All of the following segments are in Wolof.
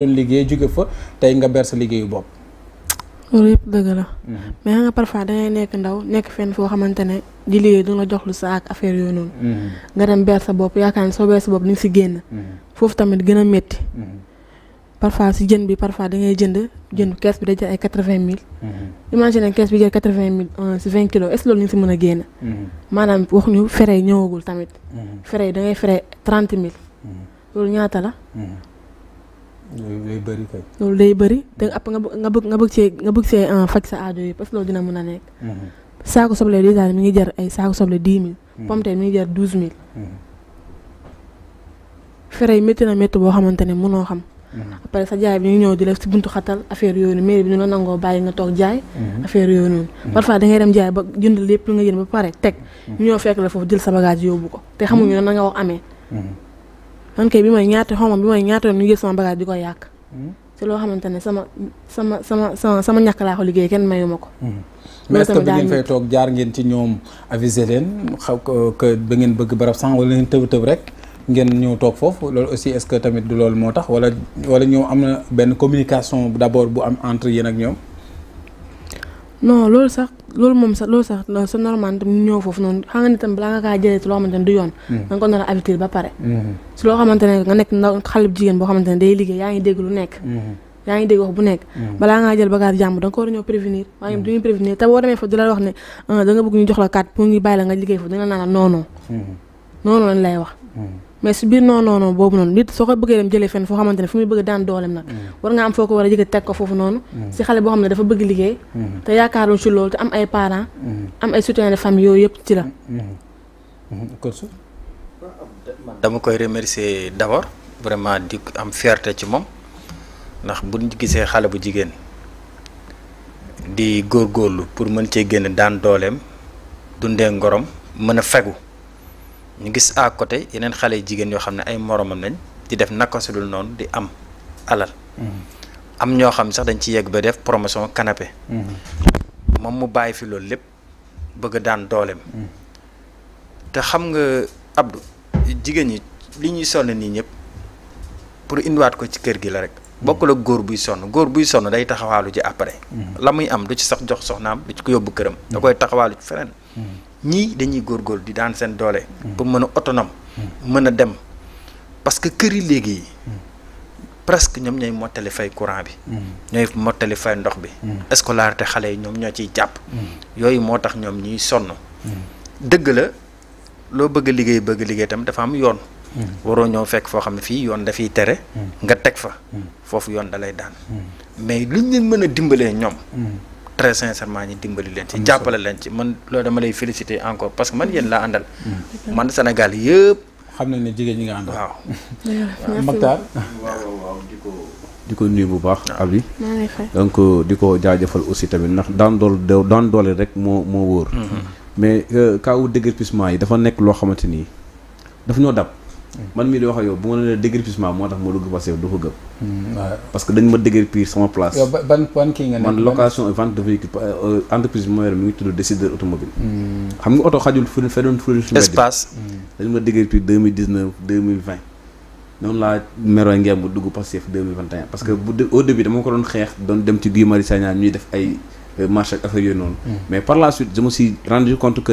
doon liggéey jóge fa tey nga ber sa liggéeyu bopp loolu yëpp dëgg la mhm. mais xam nga parfois dangay nekk ndaw nekk fenn foo xamante di liggéey jox lu sa ak affaire yooyu noonu mhm. nga dem ber sa bopp yaakaar ne soo sa bopp ni si génn mhm. foofu tamit gën a métti parfois si jënd bi parfois dangay jënd jënd kees bi da jël ay quatre vingt mille imagine kees bi jël quatre vingt mille si est ce loolu ni si mën a wax ñu fere ñëwagul tamit fere yi fere trente mille ñaata la bëri loolu day bëri te ap nga nga bëgg nga bëgg see nga ah, bëgg see faj sa aajo yi parce que loolu dina mën a nekk. Mm-hmm. saako soble dèjà mi ngi jar ay saako soble dix mille. Mm-hmm. pomme mi ngi jar douze mille. Mm-hmm. fere yi métti na métti boo xamante ne mënoo xam. après sa jaay bi ñu ñëw di la si buntu xatal affaire yooyu noonu mairie bi ñu la nangoo bàyyi nga toog jaay. affaire yooyu noonu. parfois da ngay dem jaay ba jënd lépp lu nga jënd ba pare teg. ñu ñëw fekk la foofu jël sa bagage yóbbu ko te xamuñu ne na nga wax amee. man kay bi mooy ñaata xaw ma bi may ñaata yoon ñu jël sama bagage di ko yàq. te hmm? loo xamante ne sama sama sama sama sama ñàkk laa ko liggéey kenn mayu ma ko. Hmm. mais est-ce que bi ngeen fay toog jaar ngeen ci ñoom aviser leen xaw que ba ngeen bëgg barab sang wala ngeen tëb tëb rek ngeen ñëw toog foofu loolu aussi est-ce que tamit du loolu moo tax wala wala ñoom am na benn communication d'abord bu am entre yéen ak ñoom. non loolu sax loolu moom sax loolu sax c'est normal tam ñëw foofu noonu xam nga ni tam balaa nga kaa jëlee ci loo xamante ne du yoon hmm. da nga ko ba pare si hmm. loo xamante ne nekk ndaw xale bu boo xamante ne day liggéey yaa ngi dégg lu nekk hmm. yaa ngi dégg wax bu nekk balaa ngaa jël bagage jàmm da nga ko war a ñëw prévenir waaye ñoom duñuy prévenir te boo demee fa di la wax ne euh, da nga bëgg ñu jox la carte pour ñu bàyyi la nga liggéey foofu danga naan la non non lay wax mais si biir non non non bobu non nit soko beugé dem jëlee fenn fo xamanténi fumuy fu bëgg daan doolem nag mm. war nga am foko wara war a ko fofu non mm. si xalé bo xamné dafa bëgg liggéey mm. té yaakaaroon ci lool té am ay parents am ay soutien de famille yooyu yëpp ci la dama koy remercier d'abord vraiment di am fierté ci mom ndax buñu gisé xalé bu jigéen di gor gorlu pour mën ci génn daan dooleem dundé ngorom mëna fagu ñu gis à côté yeneen xale yu jigéen yoo xam ne ay moromam lañ di def naka su dul noonu di am alal. Mm-hmm. am ñoo xam sax dañ ci yegg ba def promotion canapé. Mm-hmm. moom mu bàyyi fi loolu lépp bëgg daan dooleem. Mm-hmm. te xam nga Abdou jigéen ñi li ñuy sonn nii ñëpp pour indiwaat ko ci kër gi la rek. bokk la góor buy sonn góor buy sonn day taxawaalu ji après. la muy am du ci sax jox soxnaam du ci ko yóbbu këram. da koy taxawaalu ci ñii dañuy góor góor di daan seen doole. pour mën a autonome. mën a dem parce que kër yi léegi yi presque ñoom ñooy mottali fay courant bi. ñooy mottali fay ndox bi. scolarité xale yi ñoom ñoo ciy jàpp. yooyu moo tax ñoom ñuy sonn. dëgg la loo bëgg liggéey bëgg liggéey tam dafa am yoon. waroo ñëw fekk foo xam ne fii yoon dafiy tere. nga teg fa. foofu yoon da lay daan. mais luñ leen mën a dimbalee ñoom. très sincèrement ñi dimbali leen ci jàppale leen ci man loolu dama lay féliciter encore parce que man yéen laa àndal mm. man Sénégal yëpp xam nañ ne jigéen ñi nga àndal waaw Maktar waaw waaw diko diko di bu baax abi donc euh, diko ko jaajëfal aussi tamit ndax daan dool daan doole rek mo moo wóor mm-hmm. mais kaw euh, déguerpissement yi dafa nekk loo xamante ni daf ñoo dab man mi di wax ak yow bu ma nee déguerpissement moo ko gëm. Mm, parce que dañ ma place. location et vente de véhicule euh, euh, entreprise bi ngi tudd décideur automobile mm. xam nga oto espace mm. ma deux mille dix neuf mille vingt dugg deux parce que au début dama ko dem ci mais par la suite je me suis rendu compte que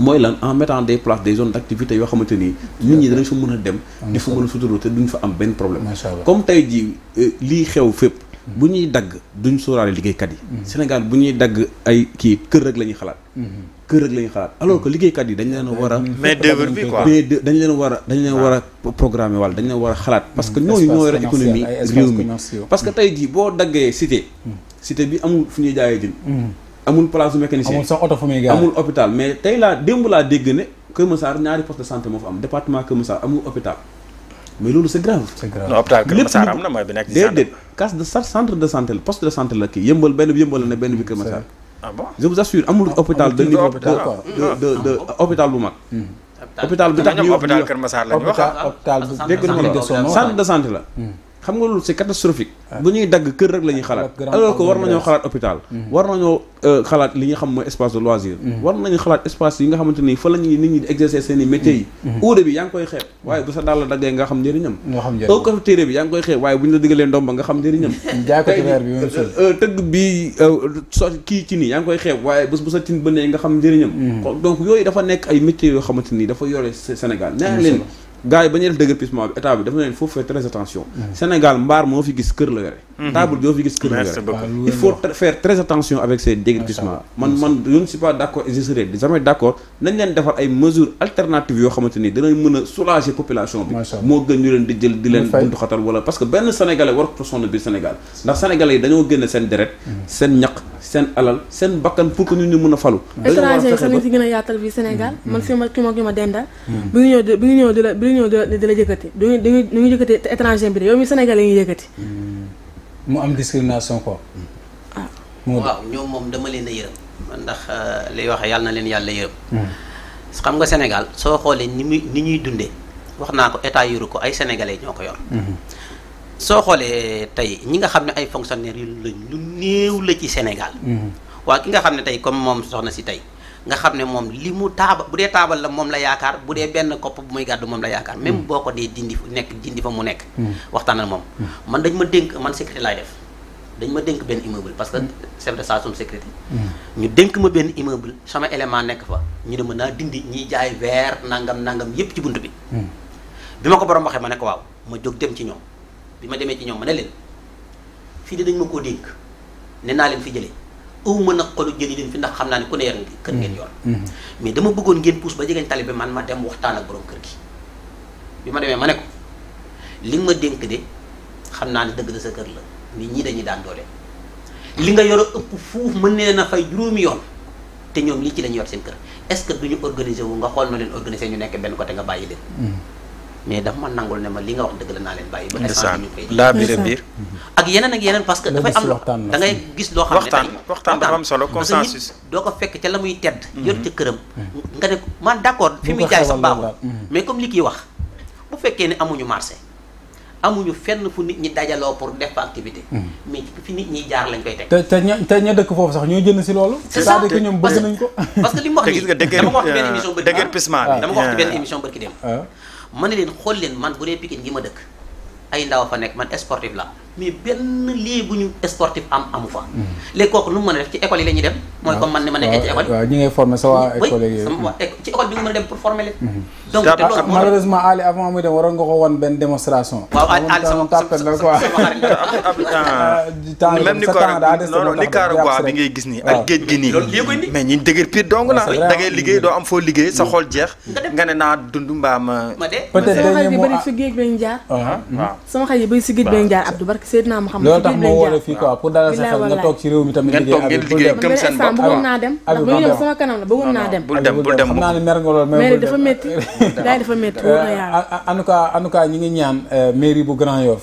mooy lan en mettant des places des zones d' yo xamanteni xamante nit ñi danañ fa mën dem di fa mën a suturlu duñ fa am ben problème comme tay jii euh, li xew fépp bu ñuy dagg duñ sóoraale kat yi mhm. Sénégal bu ñuy dagg ay ki kër rek lañuy ñuy xalaat mhm. kër rek lañuy ñuy xalaat alors que mhm. kat yi dañ leen wara war a mais d'œuvre bi quoi mais dañ leen wara a dañ leen wara ah. programmé wal wala dañ leen wara a xalaat parce que ñoy ñoy yore économie réew mi parce que tay jii bo daggee cité cité bi amul fu ñuy jaayee jën amul place mécanicien amul sax oto fu muy gaare amul hôpital mais tey laa démb laa dégg ne Kër Massar ñaari poste de santé moo fa am département Kër Massar amul hôpital mais loolu c'est grave. c'est grave Kër Massar la poste yëmbal benn bi yëmbal la benn bi Kër Massar. ah bon amul ah, hôpital de niveau de de de ah, ah. hôpital bu mag. Hmm. hôpital bi tax ñuy wax hôpital Kër Massar la ñuy wax ah. hôpital centre de santé la. Hmm. xam nga loolu si catastrophique ah. bu ñuy dagg kër rek la ñuy ah, xalaat alors ko war nañoo xalaat hôpital mm-hmm. war nañoo euh, xalaat li nga xam mooy espace de loisir mm-hmm. war nañu xalaat espace yi nga xamante ni fa la ñuy nit ñi di exercer seen i métiers yi mm-hmm. uude bi yaa ngi koy xeeb waaye bu sa daal daggee nga xam njëriñam au cafétéria bi yaa ngi koy xeeb waaye bu ñu la diggalee ndomba nga xam njëriñam euh, tëgg bi euh, so kii ci nii yaa ngi koy xeeb waaye bés bu sa tin bënnee nga xam njëriñam donc yooyu dafa nekk ay métiers yoo xamante ni dafa yore Sénégal nee leen gars yi ba ñuy def déguerpissement bi état bi daf na leen faut faire très attention mbaar moo fi gis kër la yore Mhm. table doo fi il faut faire très attention avec ces dégrétissements man man je ne suis pas d'accord accord je serai jamais d'accord accord nañ leen defar ay mesures alternatives yo xamanteni ni dinañ mën soulager population bi mo gën ñu len di jël di len buntu xatal wala parce que ben sénégalais war ko sonn biir Sénégal ndax sénégalais dañu dañoo sen seen mhm. sen ñak sen alal sen bakkan pour que ñun ñu mëna a falu étranger yi ñu nañ si yaatal bi Sénégal mhm. man fi ma ki ma ki denda bu ñu ñëw bi ñu ñëw di la bi ñu ñëw di la jëkkati du ñu du ñu jëkkati étranger bi yow mi sénégalais ñu jëkkati mu am discrimination quoi. waaw ñoom moom dama leen a yërëm ndax euh, liy wax yàlla na leen yàlla yërëm. Hmm. xam nga Sénégal soo xoolee ni muy ni ñuy dundee wax naa ko état yoru ko ay sénégalais ñoo ko yor. Hmm. soo xoolee tey ñi nga xam ne ay fonctionnaires yu lañ lu néew la ci Sénégal. Hmm. waa ki nga xam ne tey comme moom soxna si tey. nga xam ne moom li mu taaba bu dee taabal la moom la yaakaar bu dee benn kopp bu muy gàddu moom la yaakaar hmm. même boo ko dee dindi nekk dindi fa mu nekk hmm. waxtaanal moom hmm. man dañ ma dénk man sécurité laay def dañ ma dénk benn immeuble parce que chef de station sécurité ñu dénk ma benn immeuble sama élément nekk fa ñu ne ma naa dindi ñiy jaay verre nangam nangam yépp ci bunt bi bi ma ko borom waxee ma ne ko waaw ma jóg dem ci ñoom bi ma demee ci ñoom ma ne leen fii de dañ ma koo dénk ne naa leen fi jëlee aw mën a xolu jëli leen fi ndax xam naa ne ku ne yar kër ngeen yor mm-hmm. mm-hmm. mais dama bëggoon ngeen puus ba jegeñ tali bi man ma dem waxtaan ak borom kër gi bi ma demee ma ne ko li ma dénk de xam naa ne dëgg na sa kër la mais ñii dañuy daan doole li nga yor a ëpp fuuf mën nee na fay juróomi yoon te ñoom lii ci lañu yor seen kër est-ce que duñu organiser wu nga xool na leen organiser ñu nekk benn côté nga bàyyi leen mm-hmm. mais daf ma nangul ne ma li nga wax dëgg la naa leen bàyyi ba essence ñu koy laa biir biir ak yeneen ak yeneen parce que dafay am da ngay gis loo xam ne waxtaan waxtaan dafa am solo consensus doo ko fekk ca la muy tedd mhm. yor ca këram mhm. nga ne man d' accord fi muy jaay sax baaxul mhm. mais comme li kii wax bu fekkee ne amuñu marché amuñu fenn fu nit ñi dajaloo pour def activité. mais fi nit ñi jaar lañ koy teg. te te ña te ña sax ñoo jënd si loolu. c'est ça que ñoom bëgg nañ ko. parce que li mu wax nii dama euh, wax ci benn ah. émission bërki dem dama wax ci émission bërki ah. dem ma ne leen xool leen man bu dee Pikine gi ma dëkk ay ndaw fa nekk man sportif la mais benn lii bu sportif am amu fa. Hmm. léegi kooku nu mu a def ci école yi la dem. mooy comme man ni ma nekkee ci école yi. waaw ñi ngay formé sa waa école yi. ci école bi nga mën a dem pour former leen. Hmm. donc te loolu moo malheureusement Ali avant muy dem waroon nga ko wan benn démonstration. waaw Ali sama sama sama xarit même ah, ni ko non non Nicaragua bi ngay gis nii ak géej gi nii. mais ñi dëgër pire dong la. da ngay liggéey doo am foo liggéey sa hmm. xol jeex. nga ne naa dund mbaa ma. Euh, ma dee peut-être dañuy mu sama xarit yi bëri si géej ah, ah, bi jaar. sama xarit yi bëri si géej jaar Abdou barke Seydina Muhammad loolu tax moo wala fii quoi pour dalal sa xel nga toog ci réew mi tamit liggéey ngeen toog liggéey gëm seen bopp bëggoon naa dem ndax bu ñu dem sama kanam la bëggoon naa ah, dem bul dem bul dem xam naa ne mer nga lool mais dafa métti daay dafa métti euh, en tout cas en tout ñi ngi ñaan euh, mairie bu Grand Yoff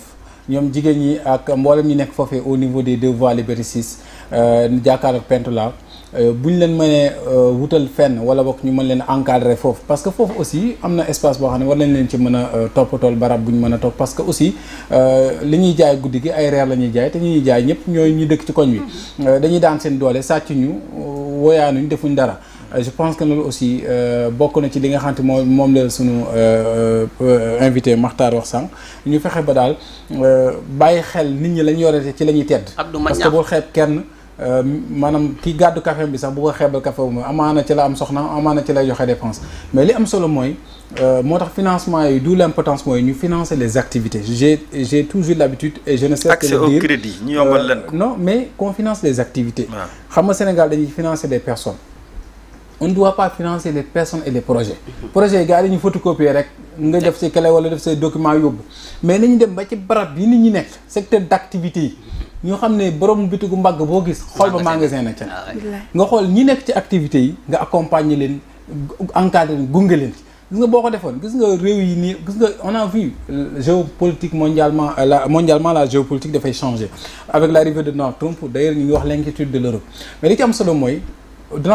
ñoom jigéen ñi ak mboolem ñi nekk foofee au niveau des deux voies Liberté 6 euh, jàkkaar ak Pentola Euh, bu ñu leen mënee euh, wutal fenn wala bokk ñu mën leen encadrer foofu parce que foofu aussi am na espace boo xam ne war nañ leen ci mën a euh, toppatool barab bu ñu mën a toog parce que aussi li ñu jaay guddi gi ay reer la ñuy jaay te ñuy jaay ñëpp ñooy ñu dëkk ci koñ bi mm-hmm. dañuy daan seen doole sàcc ñu woyaanuñ defuñ dara je pense que loolu aussi bokk na ci li nga xamante moom moom la sunu invité maxtar wax sànq ñu fexe ba daal bàyyi xel nit ñi lañ yorete ci la ñuy tedd parce que bul xeeb kenn Euh, manam ki gàddu café bi sax bu ko xébal café bu amaana ci la am soxna amana ci lay joxe dépenses mais li am solo moy euh, moo tax financement yi d'où l'importance moy ñu financer les activités j'ai j'ai toujours l'habitude et je ne sais accès au crédit ñu yombal euh, lan ko non mais qu'on finance les activités xam nga Sénégal dañuy financer des personnes on ne doit pas financer les personnes et les projets Projet yi gars yi dañu photocopier rek nga def si clé wala def say document yóbbu mais nañu dem ba ci barab yi nit ñi nekk secteur d' activité yi ñu xam ne borom bitigu mbagg boo gis xool ba magasin na ca ah, nga xool ñi nekk ci activités yi nga accompagner leen encadrer leen gunge leen gis nga boo ko defoon gis nga réew yi nii gis nga on a vu euh, géopolitique mondialement euh, la mondialement la géopolitique dafay changer avec l'arrivée de Donald Trump d'ailleurs ñu ngi wax l'inquiétude de l'Europe mais li ci am solo mooy il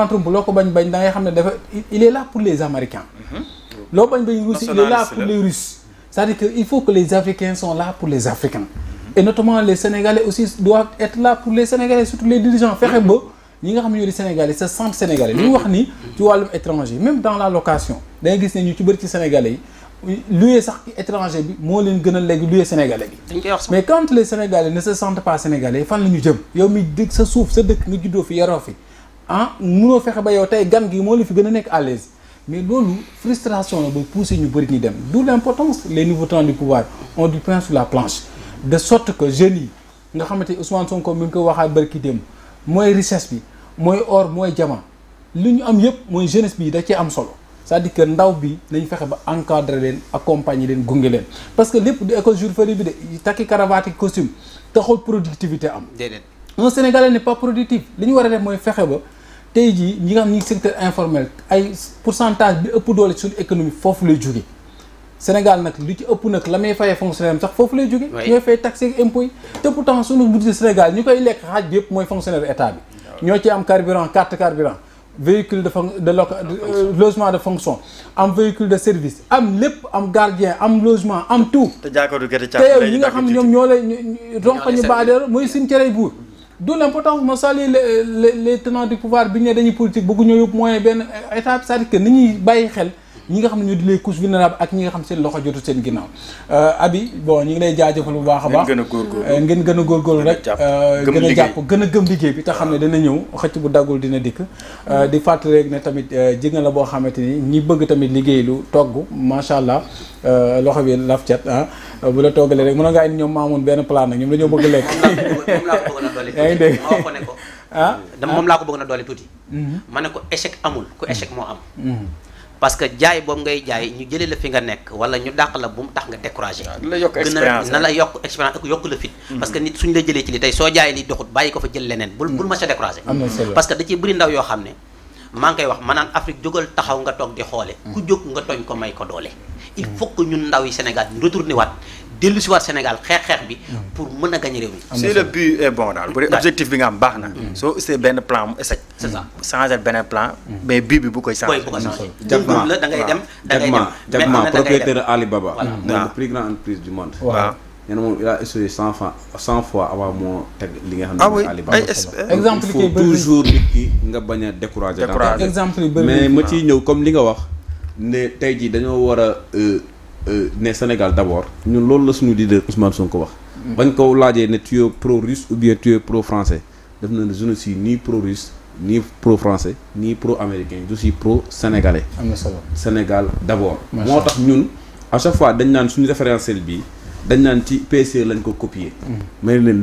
est là pour les Américains. Mm-hmm. il est là pour les Russes. c'est-à-dire qu'il il faut que les Africains soient là pour les Africains. Mm-hmm. et notamment les Sénégalais aussi doivent être là pour les Sénégalais surtout les dirigeants fexe ba beau, nga Sénégalais se sentent Sénégalais. ni mm-hmm. étranger même dans la location da nga gis ne Sénégalais lui loué sax étranger bi je leen gën a Sénégalais mais quand les Sénégalais ne se sentent pas Sénégalais ils font le jëm. Ils mi mis sa suuf sa ah munoo fexe ba yow tey gan gi moo la fi gën a à l'aise mais lolu frustration la ba poussé ñu bari ñu dem d'où l'importance les nouveaux temps du pouvoir ont du pain sur la planche de sorte que génie yi nga xamante Ousmane Sonko mi ngi ko bari ki dem moy richesse bi moy or moy jama li ñu am yëpp moy jeunesse bi da ci am solo c'est-à-dire que ndaw bi nañ fexe ba encadrer len accompagner len gunge parce que lepp du école jour férié bi dé takki cravate costume taxul productivité am. dédé un Sénégalais n'est pas productif li ñu war def moy fexe ba. Nous nous ñi nga secteur informel pourcentage de l'économie Sénégal ci ëpp de la fonctionnaire sax Il pourtant Sénégal nous avons yëpp fonctionnaire état bi carburant carte carburant véhicule de euh, logement de fonction un véhicule de service un gardien un logement un tout. avons ñi nga xam que ñoo d'où l'importance ma saluer les les les tenants du pouvoir bi ñee dañu dañuy politique bëgguñoo yóbbu moyen benn état c'est-à-dire ni ñuy bàyyi xel ñi nga xam ne ñoo di les couches vulnérables ak ñi nga xam seen loxo jotu seen ginnaaw euh, abi bon ñu ngi lay jaajëfal bu baax a baax ngeen gën a góorgóorlu euh, rek gën a euh, jàpp gën a gëm liggéey bi te xam ne dana ñëw xëcc bu daggul dina dikk di fàttali rek ne tamit jigéen la boo xamante ni ñi bëgg tamit liggéey lu togg macha allah loxo bi laf cet ah bu la toggalee rek mën ngaa indi ñoom maamoon benn plan nag ñoom dañoo bëgg lekk. moom laa ko bëgg a ma wax ko ne ah? na doole tuuti. Mm-hmm. ma ne ko échec amul ku échec moo am. Mm-hmm. parce que jaay boobu ngay jaay ñu jëlee la fi nga nekk wala ñu dàq la bu mu tax nga découragé ah, na la yokk expérience ak yokk la fit mm-hmm. parce que nit suñu la jëlee ci li tey soo jaay li doxut bàyyi ko fa jël leneen bul bul ma sa découragé parce que da ciy bëri ndaw yoo xam ne maa ngi koy wax maanaam Afrique jógal taxaw nga toog di xoole ku jóg nga tooñ ko may ko doole il faut que ñun ndaw Sénégal ñu retourné waat dellu si waat Sénégal xex xex bi mm. pour mëna gagner gagné réew si le but est bon dal bu objectif bi nga am baxna mm. so c'est ben plan mu c'est ça mm. changer ben plan mais but bi bu koy changer bu la da ngay dem da ngay dem jagma propriétaire Alibaba mooy le plus grande entreprise du monde waaw il a essayé 100 fois 100 fois avant moo teg li nga xam ne ah Alibaba exemple il faut toujours nit nga bañ décourager exemple mais ma ci ñëw comme li nga wax ne tey dit wara euh, euh, Sénégal d'abord nous ñun nous la suñu Sénégal. Ousmane Sonko wax. Mm. pro russe ou bien pro français def ni pro russe ni pro français ni pro américain je suis pro sénégalais. Sénégal d'abord Nous à chaque fois dañ nous suñu référentiel Sénégal. dañ sommes ci PSE copier. Mm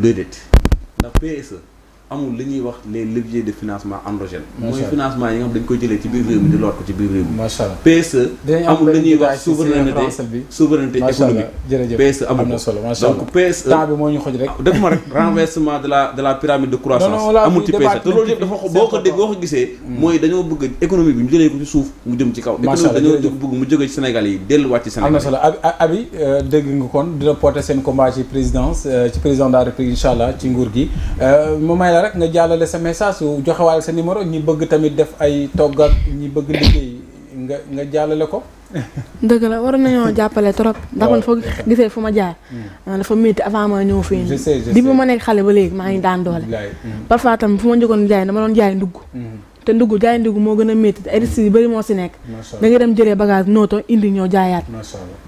amul li ñuy wax les leviers de financement endogènes. mooy financement yi nga xam dañ koy jëlee ci biir réew mi di loot ko ci biir réew mi. macha allah PSE. amul li ñuy wax souveraineté souveraineté économique. jërëjëf PSE amul donc PSE. temps bi moo ñu xoj rek. def ma rek renversement de la de la pyramide de croissance. amul ci PSE te loolu yëpp dafa boo ko boo ko gisee. Mm. mooy dañoo bëgg économie bi ñu jëlee ko ci suuf mu jëm ci kaw. macha allah dañoo bëgg mu jógee ci Sénégal yi delluwaat ci Sénégal. am na solo abi euh, dégg nga kon dina porter seen combat ci présidence euh, ci président de la République incha allah ci nguur gi euh, la rek nga jàllale sa message su joxewaale sa numéro ñi bëgg tamit def ay togg ak ñi bëgg liggéey nga nga jàllale ko. dëgg la war nañoo jàppale trop. ndax man foog gisee fu ma jaar. Mm. Ah, dafa métti avant ma ñëw fii. je sais je sais bi ma nekk xale ba léegi maa ngi daan doole. Mm. parfois tam fu ma njëkkoon jaay dama doon jaay ndugg. Mm. te ndugg jaay ndugg moo gën a métti te yu bëri moo si nekk da nga dem jëlee bagage nooto indi ñoo jaayaat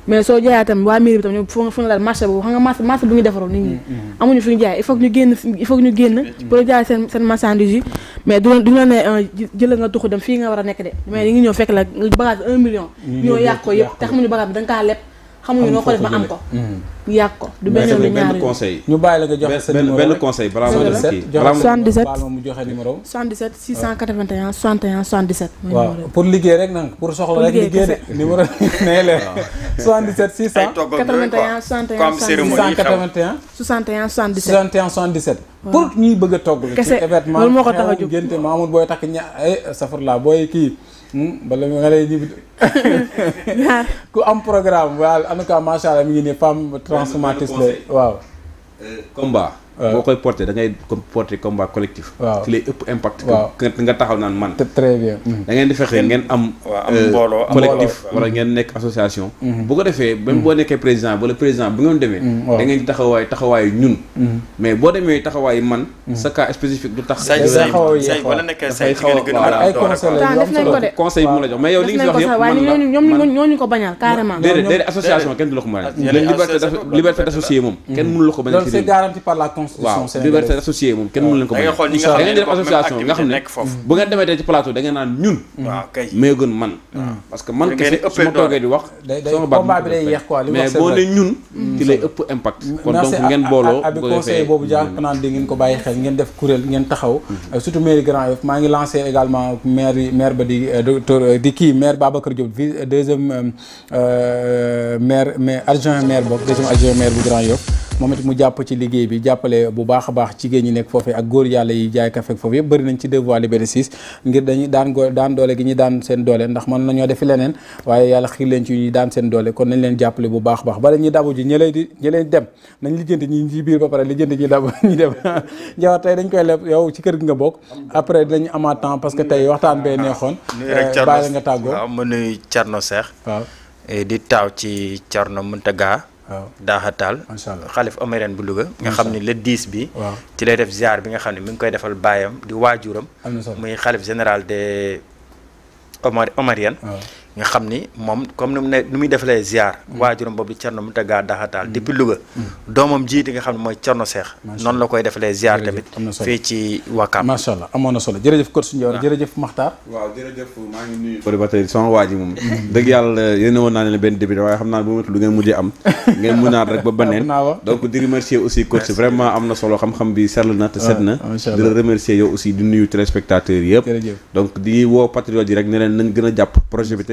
mais soo jaayaat tam waa mairie bi tam ñoom fu nga fu nga daal marché boobu xam nga marché mm, mm. jaay il faut ñu génn il faut jaay seen seen marchandise yi mais du du la ne euh, jëla nga tuxu dem fii nga war a nekk de mais ñu ngi ñëw fekk la bagage un million ñoo yàq ko yëpp te xamuñu bagage bi da nga kaa lepp xamuñu noo ko def ba am ko. Hmm. yàgg ko du benn yoon ñaari conseil. ñu bàyyi la nga joxe sa numéro benn conseil balaa ma def kii. 77 mu joxe numéro 77 681 61 77. waaw pour liggéey rek nag pour soxla rek liggéey de numéro nee leen 77 681 61 681 61 77. 61 77. pour ñuy bëgg a togg. kese loolu moo ko tax a jóg ci événement xew ngénte Mamour booy takk ña ay eh, safar laa booy kii. Hmm? bala nga lay ñibbi ku am programme waaw en tout cas mi ngi nii femme transformatrice la waaw. Euh, combat. Euh, boo koy porté da ngay porté collectif. waaw lay ëpp impact. que nga taxaw naan man. très bien. da mm-hmm. ngeen di fexe am. Euh, mbooloo collectif wala ngeen nekk association. Mm-hmm. bu ko defee même mm-hmm. boo nekkee président wala ngeen demee. da di taxawaayu ñun. mais boo demee taxawaayu man. sa cas spécifique du tax. say say say wala nekkee say ci ngeen gën a ay conseils la conseil bi mu la jox mais yow li nga fi wax yëpp man la ñoom ñoo ñu ko bañal carrément. déedéet déedéet association kenn du la ah, a. a. institution sénégalaise waaw liberté associé moom kenn mënu ko da nga xool ñi nga xam ne def association bu ngeen demee tey ci plateau da naan ñun waaw kay mais gën man parce que man kese su ma toogee wax sama baat bi day yeex quoi li mais boo ne ñun ci lay ëpp impact kon donc ngeen booloo abi conseil boobu jàpp naa di ngeen ko bàyyi xel ngeen def kuréel ngeen taxaw surtout mairie Grand Yoff maa ngi lancé également maire maire ba di docteur di kii maire Babacar Diop deuxième maire maire adjoint maire boobu deuxième adjoint maire bu Grand Yoff moom it mu jàpp ci liggéey bi jàppale bu baax a baax jigéen ñi nekk foofee ak góor yàlla yi jaay kafe foofu yëpp bëri nañ ci devoir libéré 6 ngir dañuy daan go daan doole gi ñu daan seen doole ndax mën nañoo defi leneen waaye yàlla xiir leen ci ñu daan seen doole kon nañ leen jàppale bu baax a baax bala ñuy dabu ji ñi leen di ñi leen dem nañ lijjanti ñi ci biir ba pare lijjanti ñi dabu ñu dem jawar tey dañ koy leb yow ci kër gi nga bokk après dinañ amaat temps parce que tey waxtaan bee neexoon euh, bàyyi nga tàggoo waaw ma nuyu Thierno Cheikh waaw eh, di taaw ci Thierno Mountaga daaxa taal xalif omérène bu Louga nga xam ni le 10 bi ci lay def ziar bi nga xam ne mi ngi koy defal baayam di waajuram muy xalif général des omar omarienne nga xam ni moom comme nu mu ne nu muy defalee ziar. Mm. waajuram boobu Thierno Mountaga Daha Tall mm. depuis mm. doomam jiite nga xam ne mooy Thierno Seex. noonu la koy defalee ziar tamit. fii ci Wakaam. amoon na solo jërëjëf Kër Sundior ah. jërëjëf Makhtar. waaw jërëjëf maa ngi nuyu. bëri moom. dëgg yàlla yéen woon naa leen benn député waaye xam naa bu lu ngeen mujjee am. ngeen munaat rek ba beneen. donc di remercier aussi Kër vraiment am na solo xam-xam bi sell na te set na. Ah, di remercier yow aussi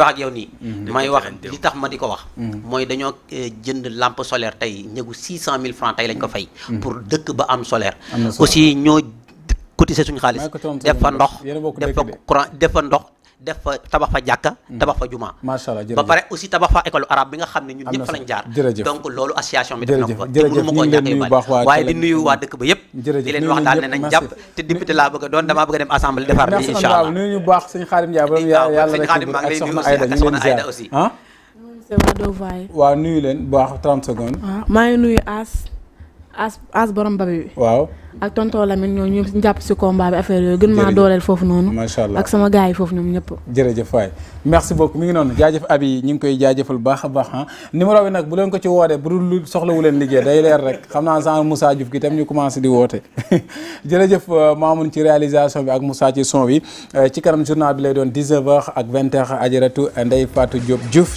wax ak yow nii. Mhm. may wax li tax ma di ko wax. Mhm. mooy dañoo eh, jënd lampe solaire tey ñëgu cent mille francs tey lañ ko mhm. fay. pour dëkk ba am solaire. aussi ñoo cotiser suñu xaalis. def fa ndox def fa courant def fa ndox. def fa tabax fa jàkka hmm. tabax fa juma ba pare aussi tabax fa école arabe bi nga xam ne ñun ñëpp fa lañ jaar donc loolu association bi def a a dem nuyu ñu baax sëñ Xaadim Ndiaye borom yàlla rek leen baax 30 secondes maa nuyu As as as borom babi bi. waaw ak tonton Lamine ñoo ñu jàpp si combat bi affaire yooyu. gën maa dooleel foofu noonu. macha allah ak sama gars yi foofu ñoom ñëpp. jërëjëf waay merci beaucoup mi ngi noonu jaajëf ab yi ñu ngi koy jaajëfal baax a baax ah numéro bi nag bu leen ko ci wootee bu dul soxlawu leen liggéey day leer rek xam naa sànq Moussa Diouf gi tam ñu commencé di woote jërëjëf euh, Mamoun ci réalisation bi ak Moussa ci son bi euh, ci kanam journal bi lay doon 19h ak 20h Adjaratou Ndeye Fatou Diop Diouf.